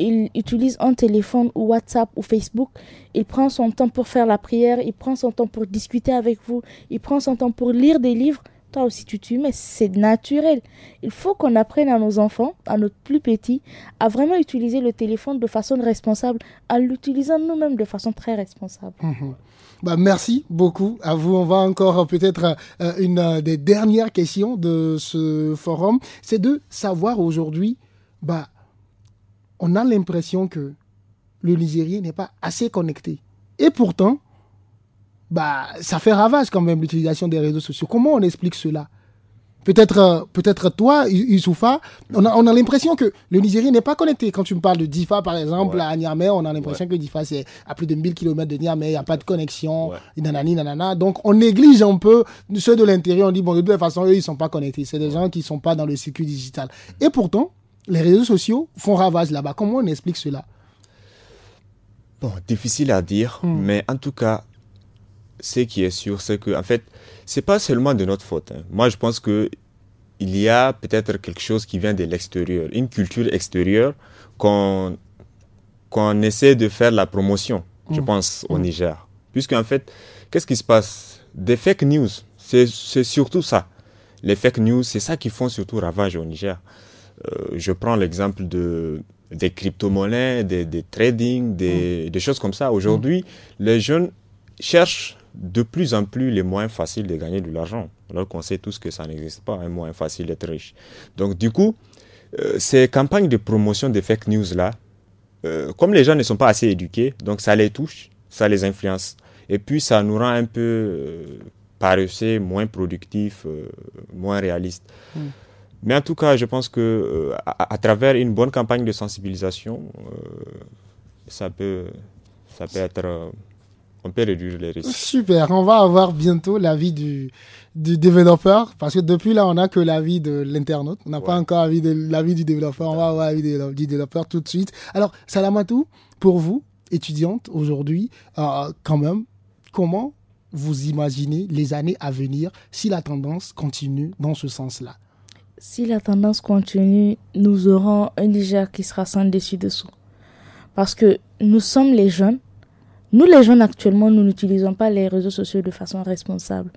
il utilise un téléphone ou WhatsApp ou Facebook. Il prend son temps pour faire la prière, il prend son temps pour discuter avec vous, il prend son temps pour lire des livres. Toi aussi, tu te mais c'est naturel. Il faut qu'on apprenne à nos enfants, à notre plus petit, à vraiment utiliser le téléphone de façon responsable, à l'utilisant nous-mêmes de façon très responsable. Hum, hum. Bah, merci beaucoup à vous. On va encore euh, peut-être euh, euh, une des dernières questions de ce forum. C'est de savoir aujourd'hui, bah, on a l'impression que le Nigeria n'est pas assez connecté. Et pourtant, bah, ça fait ravage quand même l'utilisation des réseaux sociaux. Comment on explique cela Peut-être euh, peut toi, Yusufa, on a, on a l'impression que le Nigeria n'est pas connecté. Quand tu me parles de Difa, par exemple, à Niamey, on a l'impression que Difa, c'est à plus de 1000 km de Niamey, il n'y a pas de connexion, Donc, on néglige un peu ceux de l'intérieur. On dit, bon, de toute façon, eux, ils ne sont pas connectés. C'est des gens qui ne sont pas dans le circuit digital. Et pourtant, les réseaux sociaux font ravage là-bas. Comment on explique cela Bon, difficile à dire, hmm. mais en tout cas, ce qui est sûr, c'est que, en fait, c'est pas seulement de notre faute. Hein. Moi, je pense que il y a peut-être quelque chose qui vient de l'extérieur, une culture extérieure qu'on essaie de faire la promotion, je hmm. pense, au hmm. Niger. en fait, qu'est-ce qui se passe Des fake news, c'est surtout ça. Les fake news, c'est ça qui font surtout ravage au Niger. Euh, je prends l'exemple de, des crypto-monnaies, des, trading, mm. des, choses comme ça. Aujourd'hui, mm. les jeunes cherchent de plus en plus les moyens faciles de gagner de l'argent, alors qu'on sait tous que ça n'existe pas, un moyen facile d'être riche. Donc du coup, euh, ces campagnes de promotion des fake news-là, euh, comme les gens ne sont pas assez éduqués, donc ça les touche, ça les influence. Et puis ça nous rend un peu paresseux, moins productifs, moins réalistes. Mm. Mais en tout cas, je pense que euh, à, travers une bonne campagne de sensibilisation, euh, ça peut, ça peut être euh, on peut réduire les risques. Super, on va avoir bientôt l'avis du, du développeur, parce que depuis là, on n'a que l'avis de l'internaute, on n'a pas encore l'avis du développeur, on va avoir l'avis du développeur tout de suite. Alors, Salamatou, pour vous, étudiante aujourd'hui, quand même, comment vous imaginez les années à venir si la tendance continue dans ce sens-là si la tendance continue, nous aurons un Niger qui sera sans dessus-dessous. Parce que nous sommes les jeunes. Nous, les jeunes, actuellement, nous n'utilisons pas les réseaux sociaux de façon responsable.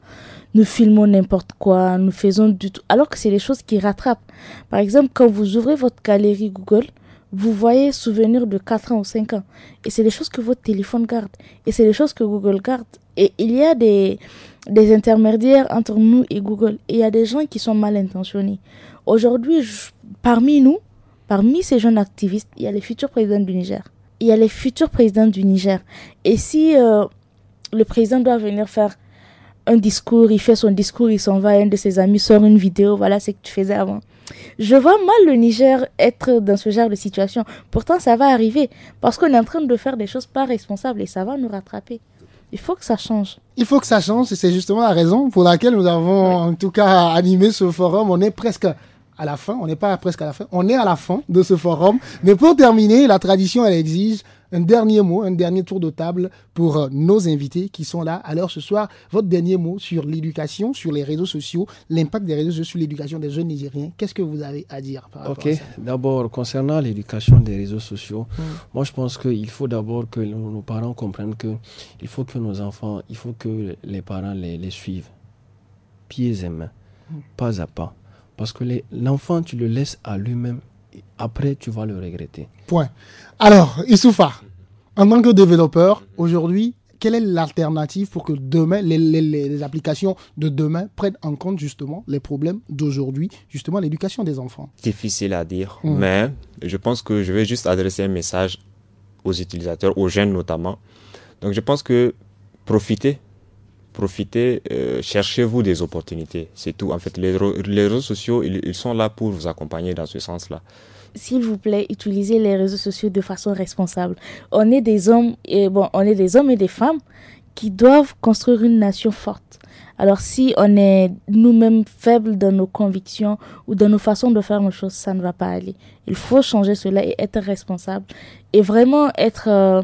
Nous filmons n'importe quoi, nous faisons du tout. Alors que c'est les choses qui rattrapent. Par exemple, quand vous ouvrez votre galerie Google, vous voyez souvenirs de 4 ans ou 5 ans. Et c'est les choses que votre téléphone garde. Et c'est les choses que Google garde. Et il y a des, des intermédiaires entre nous et Google. Et il y a des gens qui sont mal intentionnés. Aujourd'hui, parmi nous, parmi ces jeunes activistes, il y a les futurs présidents du Niger. Il y a les futurs présidents du Niger. Et si euh, le président doit venir faire un discours, il fait son discours, il s'en va, un de ses amis sort une vidéo, voilà ce que tu faisais avant. Je vois mal le Niger être dans ce genre de situation. Pourtant, ça va arriver parce qu'on est en train de faire des choses pas responsables et ça va nous rattraper. Il faut que ça change il faut que ça change et c'est justement la raison pour laquelle nous avons en tout cas animé ce forum. On est presque à la fin, on n'est pas presque à la fin, on est à la fin de ce forum. Mais pour terminer, la tradition, elle exige un dernier mot, un dernier tour de table pour euh, nos invités qui sont là. Alors ce soir, votre dernier mot sur l'éducation, sur les réseaux sociaux, l'impact des réseaux sociaux sur l'éducation des jeunes nigériens. Qu'est-ce que vous avez à dire par rapport à ça D'abord, concernant l'éducation des réseaux sociaux, hmm. moi je pense qu'il faut d'abord que nos parents comprennent que il faut que nos enfants, il faut que les parents les, suivent, pieds et mains, hmm. pas à pas. Parce que l'enfant, tu le laisses à lui-même après, tu vas le regretter. Point. Alors, Issoufa, en tant que développeur, aujourd'hui, quelle est l'alternative pour que demain, les, les, applications de demain prennent en compte justement les problèmes d'aujourd'hui, justement l'éducation des enfants Difficile à dire, mmh. mais je pense que je vais juste adresser un message aux utilisateurs, aux jeunes notamment. Donc je pense que profiter profitez, euh, cherchez-vous des opportunités. C'est tout. En fait, les, réseaux sociaux, ils, sont là pour vous accompagner dans ce sens-là. S'il vous plaît, utilisez les réseaux sociaux de façon responsable. On est des hommes et bon, on est des hommes et des femmes qui doivent construire une nation forte. Alors si on est nous-mêmes faibles dans nos convictions ou dans nos façons de faire nos choses, ça ne va pas aller. Il faut changer cela et être responsable et vraiment être euh,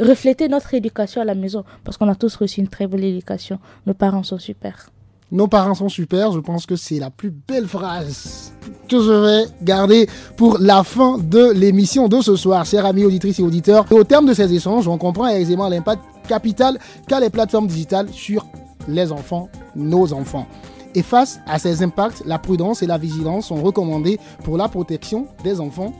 refléter notre éducation à la maison, parce qu'on a tous reçu une très belle éducation. Nos parents sont super. Nos parents sont super, je pense que c'est la plus belle phrase que je vais garder pour la fin de l'émission de ce soir, chers amis auditrices et auditeurs. Au terme de ces échanges, on comprend aisément l'impact capital qu'a les plateformes digitales sur les enfants, nos enfants. Et face à ces impacts, la prudence et la vigilance sont recommandées pour la protection des enfants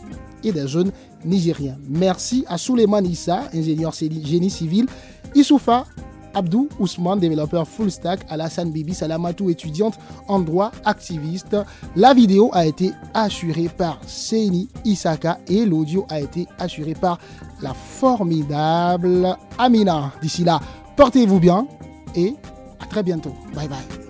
et des jeunes nigérien. Merci à Souleyman Issa, ingénieur génie civil, Isoufa Abdou Ousmane, développeur full stack, Alassane Bibi Salamatou, étudiante en droit activiste. La vidéo a été assurée par Seini Isaka et l'audio a été assuré par la formidable Amina. D'ici là, portez-vous bien et à très bientôt. Bye bye.